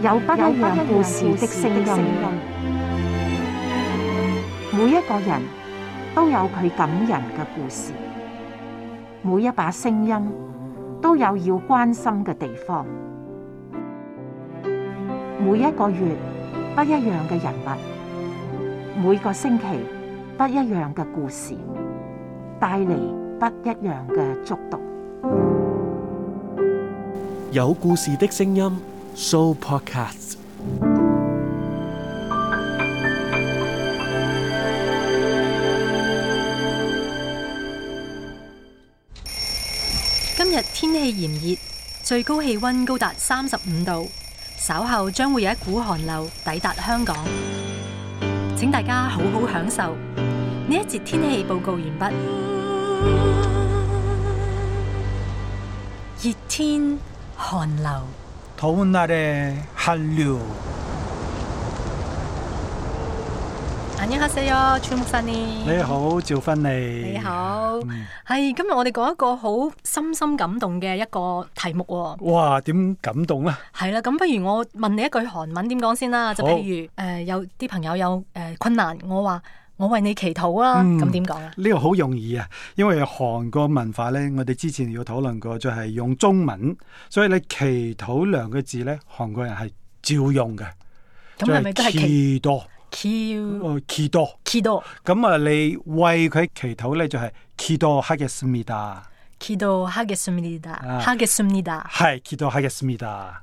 有不一樣故事的聲音，每一個人都有佢感人嘅故事，每一把聲音都有要關心嘅地方，每一個月不一樣嘅人物，每個星期不一樣嘅故事，帶嚟不一樣嘅觸動。有故事的聲音。SoPodcast。Show 今日天氣炎熱，最高氣溫高達三十五度。稍後將會有一股寒流抵達香港，請大家好好享受。呢一節天氣報告，完畢。熱天，寒流。凍天日寒流，歡迎曬呀，主持人。アア你好，趙芬妮。你好，係、嗯、今日我哋講一個好深深感動嘅一個題目喎、哦。哇，點感動咧、啊？係啦，咁不如我問你一句韓文點講先啦？就譬如誒好、呃，有啲朋友有誒、呃、困難，我話。我為你祈禱啊，咁點講啊？呢個好容易啊，因為韓國文化咧，我哋之前要討論過，就係用中文，所以你祈禱兩個字咧，韓國人係照用嘅。咁係咪都係祈禱？祈禱キ，祈禱。咁啊、嗯，你為佢祈禱咧，就係祈禱。하겠습니다。祈禱。하겠습니다。하겠습니다。係祈禱。하겠습니다。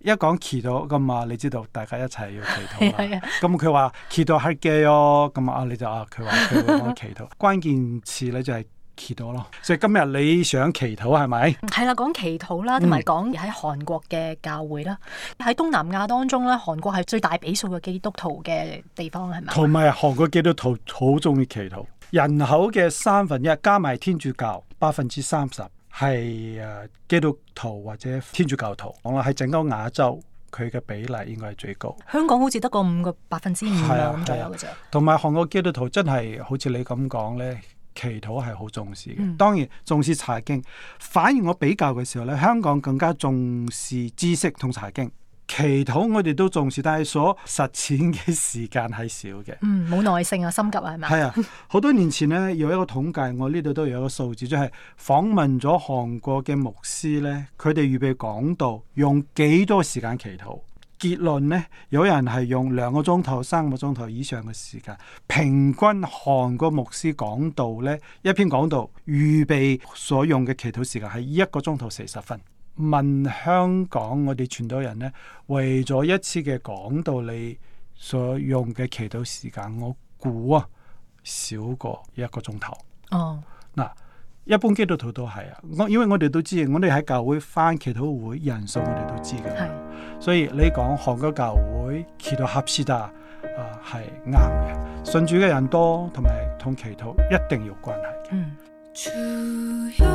一講祈禱咁啊，你知道大家一齊要祈禱啦。咁佢話祈禱係嘅咯。咁啊，你就啊，佢話佢會講祈禱。 關鍵詞咧就係祈禱咯。所以今日你想祈禱係咪？係啦，講祈禱啦，同埋講喺韓國嘅教會啦。喺東南亞當中咧，韓國係最大比數嘅基督徒嘅地方係咪？同埋韓國基督徒好中意祈禱，人口嘅三分一加埋天主教百分之三十。係，誒基督徒或者天主教徒，我話喺整個亞洲佢嘅比例應該係最高。香港好似得個五個百分之五左右嘅啫。同埋韓國基督徒真係好似你咁講咧，祈禱係好重視嘅。嗯、當然重視查經，反而我比較嘅時候咧，香港更加重視知識同查經。祈禱我哋都重視，但係所實踐嘅時間係少嘅。嗯，冇耐性啊，心急啊，係咪？係啊，好多年前呢，有一個統計，我呢度都有一個數字，即係訪問咗韓國嘅牧師呢，佢哋預備講道用幾多時間祈禱？結論呢，有人係用兩個鐘頭、三個鐘頭以上嘅時間。平均韓國牧師講道呢，一篇講道預備所用嘅祈禱時間係一個鐘頭四十分。問香港我哋傳道人咧，為咗一次嘅講道，你所用嘅祈禱時間，我估啊，少過一個鐘頭。哦，嗱，一般基督徒都係啊，我因為我哋都知，我哋喺教會返祈禱會，人數我哋都知嘅。係，所以你講韓國教會祈禱合適咋？啊，係啱嘅，信主嘅人多，同埋同祈禱一定有關係嘅。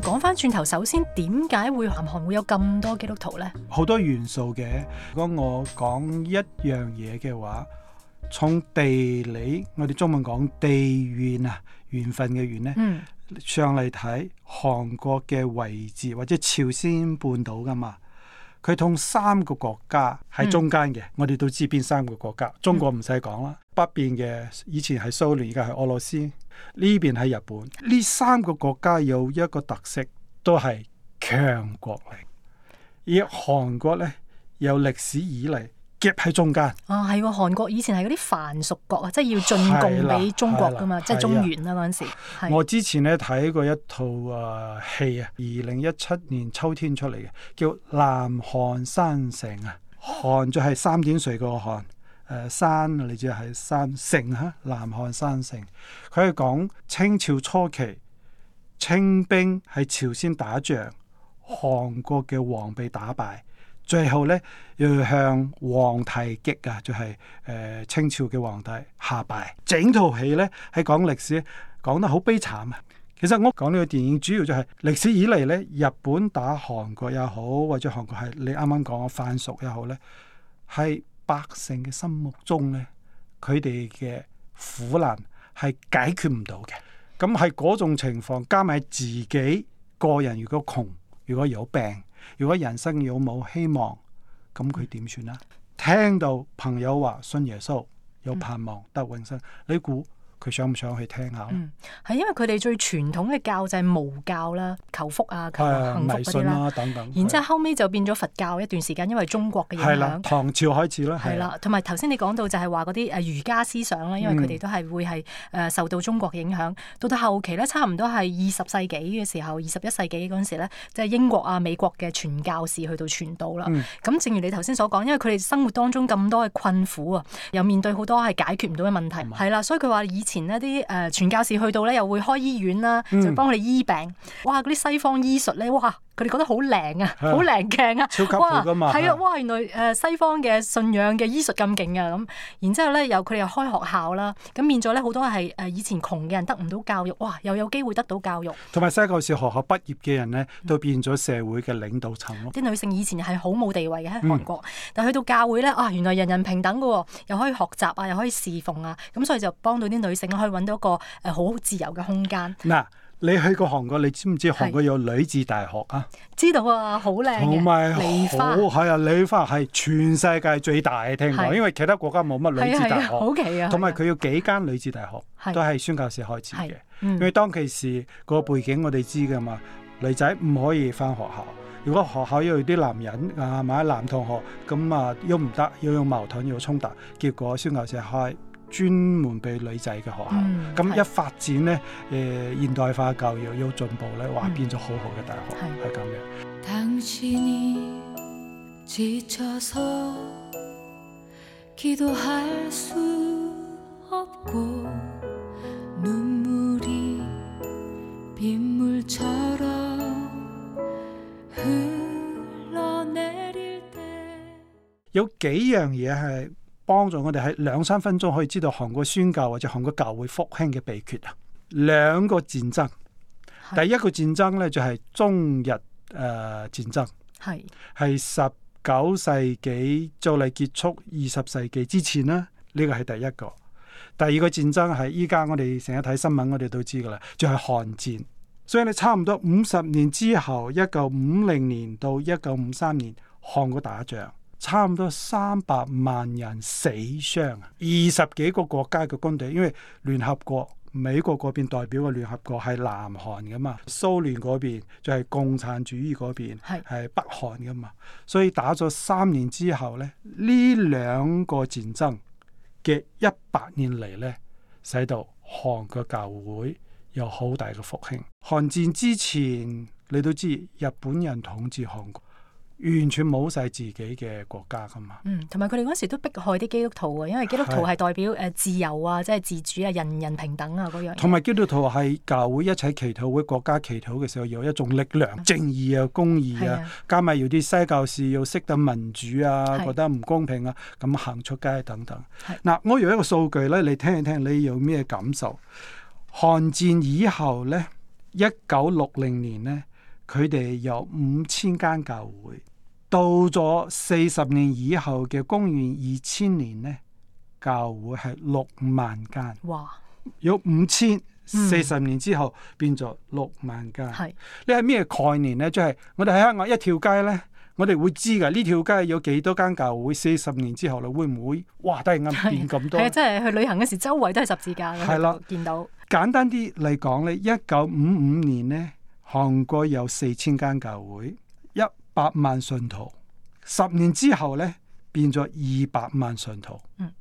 講返轉頭，首先點解會韓韓會有咁多基督徒呢？好多元素嘅。如果我講一樣嘢嘅話，從地理，我哋中文講地緣啊，緣分嘅緣呢，嗯、上嚟睇韓國嘅位置或者朝鮮半島噶嘛，佢同三個國家喺中間嘅。嗯、我哋都知邊三個國家，中國唔使講啦，嗯、北邊嘅以前係蘇聯，而家係俄羅斯。呢邊喺日本，呢三個國家有一個特色，都係強國嚟。而韓國呢，由歷史以嚟夾喺中間。啊，係喎，韓國以前係嗰啲藩屬國啊，即係要進貢俾中國噶嘛，即係中原啦嗰陣時。我之前呢睇過一套誒戲啊，二零一七年秋天出嚟嘅，叫《南韓山城》啊，韓就係三點水個韓。誒、呃，山你知係山城吓，南漢山城。佢係講清朝初期，清兵喺朝鮮打仗，韓國嘅皇被打敗，最後咧要向皇太極啊，就係、是、誒、呃、清朝嘅皇帝下拜。整套戲咧係講歷史，講得好悲慘啊！其實我講呢個電影主要就係、是、歷史以嚟咧，日本打韓國又好，或者韓國係你啱啱講藩屬又好咧，係。百姓嘅心目中呢，佢哋嘅苦難係解決唔到嘅。咁係嗰種情況，加埋自己個人如果窮，如果有病，如果人生有冇希望，咁佢點算啊？嗯。聽到朋友話信耶穌，有盼望得永生，你估？佢想唔想去聽下？嗯，係因為佢哋最傳統嘅教就係巫教啦、求福啊、求幸福嗰啲啦等等。然之後後尾就變咗佛教一段時間，因為中國嘅影響。係啦，唐朝開始啦。係啦的，同埋頭先你講到就係話嗰啲儒家思想啦，因為佢哋都係會係誒受到中國嘅影響。到、嗯、到後期咧，差唔多係二十世紀嘅時候，二十一世紀嗰陣時咧，就係、是、英國啊、美國嘅傳教士去到傳道啦。咁、嗯、正如你頭先所講，因為佢哋生活當中咁多嘅困苦啊，又面對好多係解決唔到嘅問題，係啦的，所以佢話以前。前一啲誒，傳教士去到咧，又會開醫院啦，嗯、就幫佢哋醫病。哇！啲西方醫術咧，哇！佢哋覺得好靚啊，好靚鏡啊，超級哇！係啊的，哇！原來誒西方嘅信仰嘅醫術咁勁啊，咁然之後咧，又佢哋又開學校啦，咁變咗咧好多係誒以前窮嘅人得唔到教育，哇，又有機會得到教育。同埋西教士學校畢業嘅人咧，都變咗社會嘅領導層咯。啲、嗯、女性以前係好冇地位嘅喺韓國，嗯、但去到教會咧啊，原來人人平等嘅，又可以學習啊，又可以侍奉啊，咁所以就幫到啲女性可以揾到一個好自由嘅空間。嗱。你去過韓國，你知唔知韓國有女子大學啊？知道啊，有花好靚嘅。同埋好係啊，梨花係全世界最大嘅，聽講，是因為其他國家冇乜女子大學。好奇啊。同埋佢要幾間女子大學都係宣教社開始嘅，嗯、因為當其時個背景我哋知噶嘛，女仔唔可以翻學校，如果學校要有啲男人啊，買男同學，咁啊又唔得，要用矛盾，要有衝突，結果宣教社開專門俾女仔嘅學校，咁、嗯、一發展呢，誒的、呃、現代化教育要進步咧，哇、嗯、變咗好好嘅大學，係咁樣。的嗯、有幾樣嘢係。幫助我哋喺兩三分鐘可以知道韓國宣教或者韓國教會復興嘅秘訣啊！兩個戰爭，第一個戰爭呢，就係中日誒戰爭，係係十九世紀就嚟結束二十世紀之前呢，呢個係第一個。第二個戰爭係依家我哋成日睇新聞，我哋都知噶啦，就係韓戰。所以你差唔多五十年之後，一九五零年到一九五三年，韓國打仗。差唔多三百萬人死傷啊！二十幾個國家嘅軍隊，因為聯合國美國嗰邊代表嘅聯合國係南韓㗎嘛，蘇聯嗰邊就係共產主義嗰邊係是北韓㗎嘛，所以打咗三年之後咧，呢兩個戰爭嘅一百年嚟咧，使到韓國教會有好大嘅復興。韓戰之前你都知日本人統治韓國。完全冇晒自己嘅國家噶嘛。嗯，同埋佢哋嗰時都迫害啲基督徒嘅，因為基督徒係代表誒自由啊，的即係自主啊，人人平等啊嗰樣。同埋基督徒係教會一齊祈禱，會國家祈禱嘅時候，有一種力量、的正義啊、公義啊，的加埋要啲西教士要識得民主啊，的覺得唔公平啊，咁行出街等等。嗱的，我有一個數據咧，你聽一，聽一聽，你有咩感受？韓戰以後咧，一九六零年咧。佢哋由五千間教會到咗四十年以後嘅公元二千年咧，教會係六萬間。哇！有五千四十年之後變咗六萬間。係，呢係咩概念咧？即係我哋喺香港一條街咧，我哋會知噶。呢條街有幾多間教會？四十年之後你會唔會哇都係暗變咁多？即真係去旅行嗰時，周圍都係十字架。係啦的，見到簡單啲嚟講咧，一九五五年咧。韓國有四千間教會，一百萬信徒。十年之後咧，變咗二百萬信徒。嗯，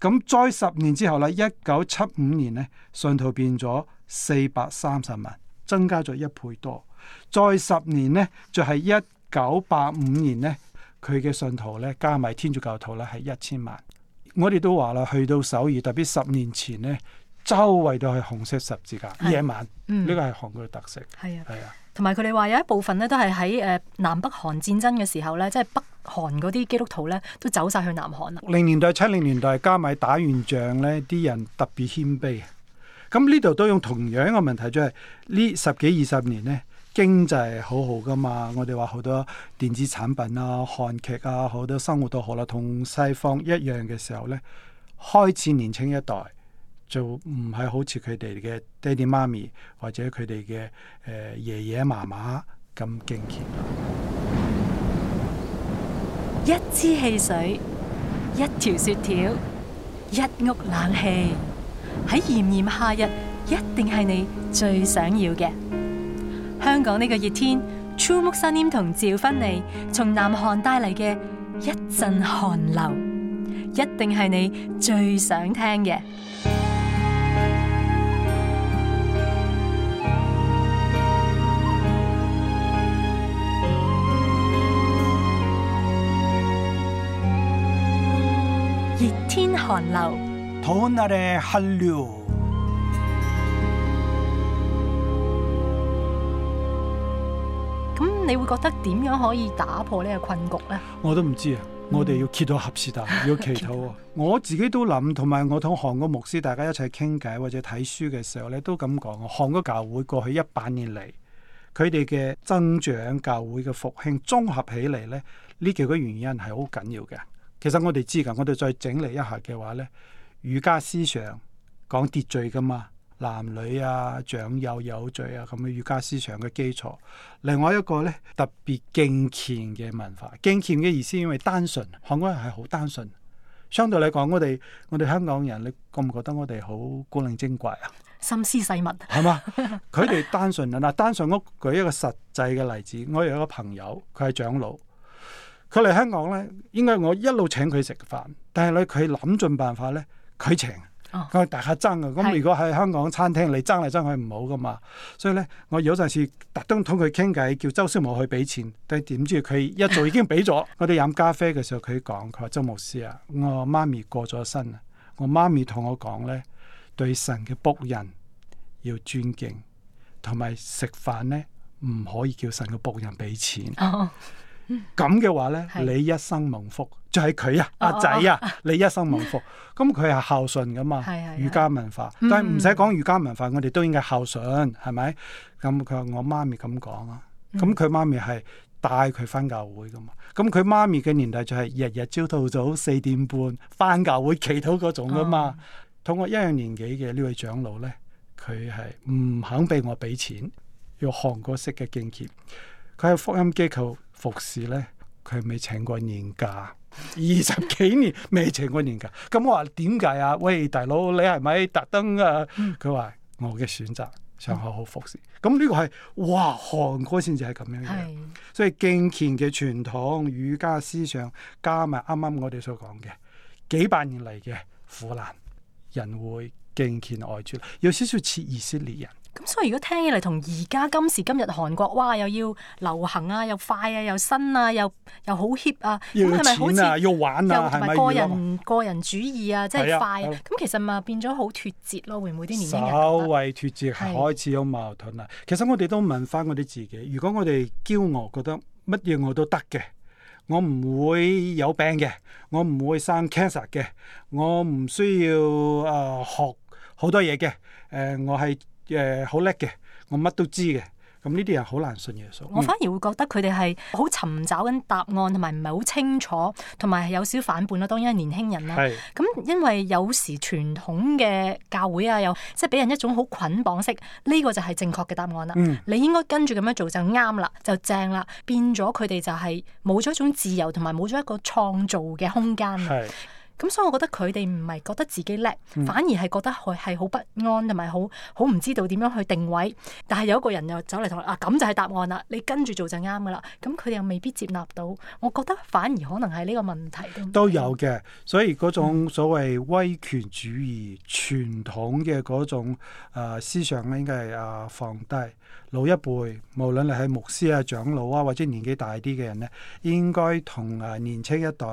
咁再十年之後咧，一九七五年咧，信徒變咗四百三十萬，增加咗一倍多。再十年咧，就係一九八五年咧，佢嘅信徒咧加埋天主教徒咧係一千萬。我哋都話啦，去到首爾，特別十年前咧。周圍都係紅色十字架，的夜晚呢個係韓國嘅特色。係啊的，係啊的。同埋佢哋話有一部分呢都係喺誒南北韓戰爭嘅時候呢，即係北韓嗰啲基督徒呢都走晒去南韓啦。六零年代、七零年代加埋打完仗，呢啲人特別謙卑。咁呢度都用同樣一個問題，就係呢十幾二十年呢經濟好好噶嘛，我哋話好多電子產品啊、韓劇啊，好多生活都好啦，同西方一樣嘅時候呢，開始年輕一代。就唔係好似佢哋嘅爹哋媽咪或者佢哋嘅誒爺爺媽媽咁敬虔。一支汽水，一條雪條，一屋冷氣，喺炎炎夏日，一定係你最想要嘅。香港呢個熱天，True Moksanim 同趙芬妮從南韓帶嚟嘅一陣寒流，一定係你最想聽嘅。熱天寒流，凍天嘅韓流。咁你會覺得點樣可以打破呢個困局呢？我都唔知啊！嗯、我哋要揭到合時代，要祈禱。 我自己都諗，同埋我同韓國牧師大家一齊傾偈或者睇書嘅時候咧，都咁講。韓國教會過去一百年嚟，佢哋嘅增長、教會嘅復興，綜合起嚟咧，呢幾個原因係好緊要嘅。其實我哋知噶，我哋再整理一下嘅話咧，儒家思想講秩序噶嘛，男女啊、長幼有序啊，咁嘅儒家思想嘅基礎。另外一個咧特別敬虔嘅文化，敬虔嘅意思因為單純，韓國人係好單純。相對嚟講，我哋我哋香港人，你覺唔覺得我哋好古靈精怪啊？心思細密係嘛？佢 哋單純啊！嗱，單純我舉一個實際嘅例子，我有一個朋友，佢係長老。佢嚟香港咧，應該我一路請佢食飯，但係咧佢諗盡辦法咧，佢請。佢咁、哦、大家爭嘅，咁如果喺香港餐廳是你爭嚟爭去唔好噶嘛，所以咧我有陣時特登同佢傾偈，叫周師母去俾錢，但係點知佢一早已經俾咗。 我哋飲咖啡嘅時候，佢講，佢話周牧師啊，我媽咪過咗身啊，我媽咪同我講咧，對神嘅僕人要尊敬，同埋食飯咧唔可以叫神嘅僕人俾錢。哦咁嘅話呢，你一生蒙福就係佢啊，阿仔啊，你一生蒙福。咁佢係孝順噶嘛？儒家文化，嗯、但係唔使講儒家文化，我哋都應該孝順，係咪？咁佢話我媽咪咁講啊，咁佢媽咪係帶佢翻教會噶嘛？咁佢媽咪嘅年代就係日日朝到早四點半翻教會祈禱嗰種噶嘛。嗯、同我一樣年紀嘅呢位長老呢，佢係唔肯俾我俾錢，用韓國式嘅敬虔，佢係福音機構。服侍咧，佢未請過年假，二十幾年未請過年假。咁我話點解啊？喂，大佬你係咪特登啊？佢話、嗯、我嘅選擇，想好好服侍。咁呢、嗯嗯這個係哇，韓國先至係咁樣嘅，嗯、所以敬虔嘅傳統、儒家思想加埋啱啱我哋所講嘅幾百年嚟嘅苦難，人會敬虔愛主，有少少似以色列人。咁、嗯、所以如果聽起嚟同而家今時今日韓國哇又要流行啊又快啊又新啊又又好 hip 啊，咁係咪好似要玩啊又同埋個人想個人主義啊，即係快啊？咁其實咪變咗好脱節咯，會唔會啲年輕人？稍微脱節開始有矛盾啦。是其實我哋都問翻我哋自己，如果我哋驕傲覺得乜嘢我都得嘅，我唔會有病嘅，我唔會，會生 cancer 嘅，我唔需要誒、呃、學好多嘢嘅，誒、呃呃、我係。誒好叻嘅，我乜都知嘅。咁呢啲人好難信耶穌。我反而會覺得佢哋係好尋找緊答案，同埋唔係好清楚，同埋有少少反叛啦。當然係年輕人啦、啊。咁是因為有時傳統嘅教會啊，又即係俾人一種好捆綁式。呢、這個就係正確嘅答案啦。嗯、你應該跟住咁樣做就啱啦，就正啦。變咗佢哋就係冇咗一種自由，同埋冇咗一個創造嘅空間。咁所以，我、嗯、覺得佢哋唔係覺得自己叻，反而係覺得佢係好不安，同埋好好唔知道點樣去定位。但係有一個人又走嚟同佢話，咁就係答案啦，你跟住做就啱噶啦。咁佢哋又未必接納到，我覺得反而可能係呢個問題。嗯、都有嘅，所以嗰種所謂威權主義、傳、嗯、統嘅嗰種思想咧，應該係啊放低老一輩，無論你係牧師啊、長老啊，或者年紀大啲嘅人咧，應該同啊年輕一代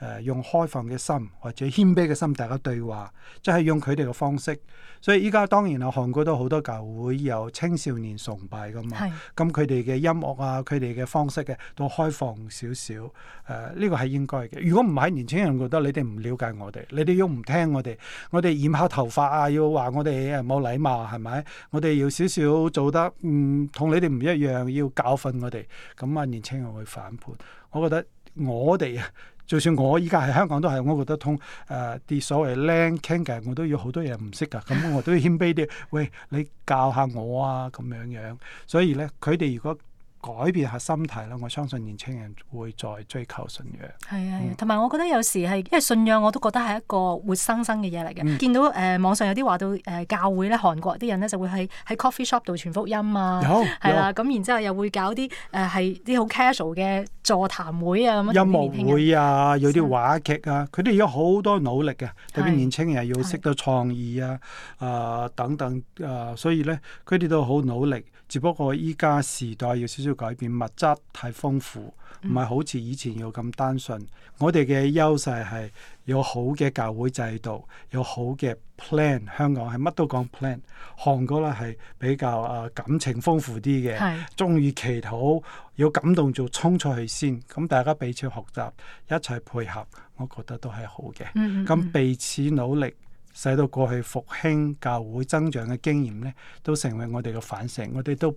誒用開放嘅心。或者謙卑嘅心，大家對話，即係用佢哋嘅方式。所以依家當然啊，韓國都好多教會有青少年崇拜噶嘛。咁佢哋嘅音樂啊，佢哋嘅方式嘅、啊、都開放少少。誒、呃，呢、呢個係應該嘅。如果唔係年輕人覺得你哋唔了解我哋，你哋又唔聽我哋，我哋染下頭髮啊，要話我哋冇禮貌係咪？我哋要少少做得嗯同你哋唔一樣，要教訓我哋，咁啊年輕人會反叛。我覺得。我哋啊，就算我依家喺香港都係我覺得通誒啲、呃、所謂靚傾偈，我都要好多嘢唔識噶，咁我都要謙卑啲，喂，你教下我啊咁樣樣。所以咧佢哋如果。改變下心態啦，我相信年青人會再追求信仰。係啊，同埋、嗯、我覺得有時係，因為信仰我都覺得係一個活生生嘅嘢嚟嘅。嗯、見到誒、呃、網上有啲話到誒、呃、教會咧，韓國啲人咧就會喺喺 coffee shop 度傳福音啊，係啦，咁、啊嗯、然之後又會搞啲誒係、呃、啲好 casual 嘅座談會啊，音樂會啊，咁樣有啲話劇啊，佢哋而家好多努力嘅、啊，特別年青人要識到創意啊，啊、呃呃、等等啊、呃，所以咧佢哋都好努力。只不過依家時代要少少改變，物質太豐富，唔係好似以前又咁單純。嗯、我哋嘅優勢係有好嘅教會制度，有好嘅 plan。香港係乜都講 plan，韓國咧係比較啊感情豐富啲嘅，鍾意是祈禱，有感動就衝出去先。咁大家彼此學習，一齊配合，我覺得都係好嘅。咁、嗯嗯嗯、彼此努力。使到過去復興教會增長嘅經驗咧，都成為我哋嘅反省。我哋都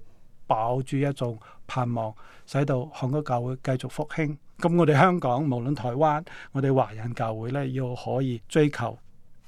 抱住一種盼望，使到韓國教會繼續復興。咁我哋香港無論台灣，我哋華人教會咧，要可以追求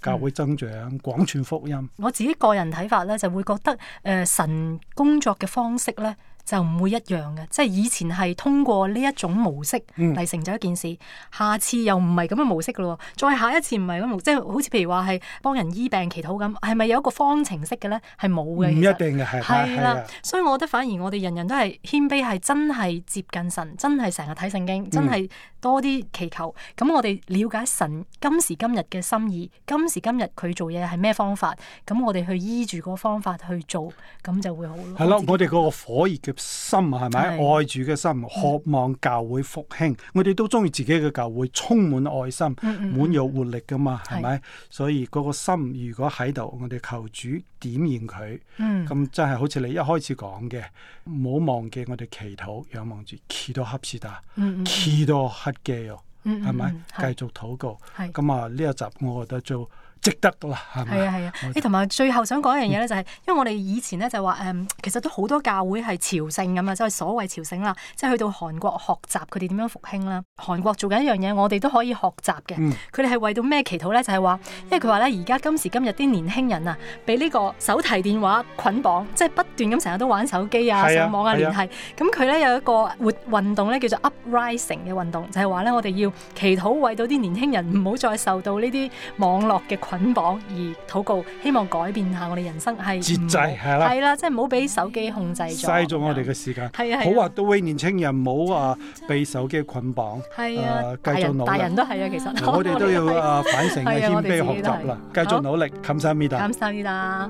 教會增長、廣傳、嗯、福音。我自己個人睇法咧，就會覺得誒、呃、神工作嘅方式咧。就唔會一樣嘅，即係以前係通過呢一種模式嚟成就一件事，嗯、下次又唔係咁嘅模式嘅咯，再下一次唔係咁模式，即係好似譬如話係幫人醫病祈禱咁，係咪有一個方程式嘅咧？係冇嘅，唔一定嘅，係啦實吧，所以我覺得反而我哋人人都係謙卑，係真係接近神，真係成日睇聖經，真係多啲祈求，咁、嗯、我哋了解神今時今日嘅心意，今時今日佢做嘢係咩方法，咁我哋去依住個方法去做，咁就會好咯。係咯，我哋嗰個火熱嘅。心係咪愛住嘅心，渴望教會復興，我哋都中意自己嘅教會充滿愛心，滿有活力噶嘛，係咪？所以嗰個心如果喺度，我哋求主點燃佢，咁真係好似你一開始講嘅，唔好忘記我哋祈禱，仰望住，祈多哈士達，祈多黑嘅！」奧，係咪？繼續禱告，咁啊呢一集我覺得做。值得噶啦，係啊係啊！你同埋最後想講一樣嘢咧，就係、嗯、因為我哋以前咧就話誒，其實都好多教會係朝聖咁啊，即係所謂朝聖啦，即係去到韓國學習佢哋點樣復興啦。韓國做緊一樣嘢，我哋都可以學習嘅。佢哋係為到咩祈禱咧？就係話，因為佢話咧，而家今時今日啲年輕人啊，俾呢個手提電話捆綁，即係不斷咁成日都玩手機啊、的上網啊、聯繫。咁佢咧有一個活運動咧，叫做 uprising 嘅運動，就係話咧，我哋要祈禱為到啲年輕人唔好再受到呢啲網絡嘅捆綁而禱告，希望改變下我哋人生係節制係啦，係啦，即係唔好俾手機控制咗嘥咗我哋嘅時間，係啊，好話都為年青人唔好話被手機捆綁，係啊，繼續努力，大人都係啊，其實我哋都要啊，反省嘅謙卑學習啦，繼續努力，感謝你，感謝你啦。